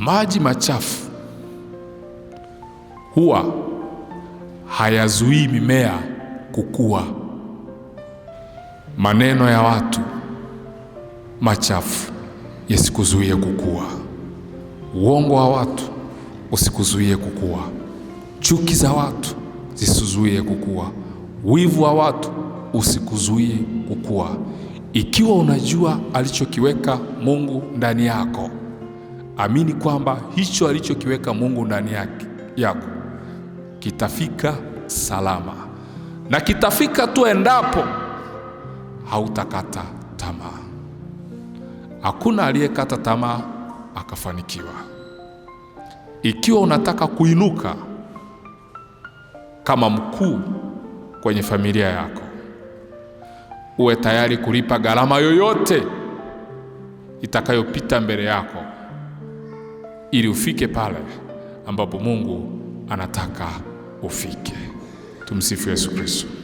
Maji machafu huwa hayazuii mimea kukua. Maneno ya watu machafu yasikuzuie kukua. Uongo wa watu usikuzuie kukua. Chuki za watu zisizuie kukua. Wivu wa watu usikuzuie kukua. Ikiwa unajua alichokiweka Mungu ndani yako amini kwamba hicho alichokiweka Mungu ndani yake yako kitafika salama, na kitafika tu endapo hautakata tamaa. Hakuna aliyekata tamaa akafanikiwa. Ikiwa unataka kuinuka kama mkuu kwenye familia yako, uwe tayari kulipa gharama yoyote itakayopita mbele yako ili ufike pale ambapo Mungu anataka ufike. Tumsifu Yesu Kristo.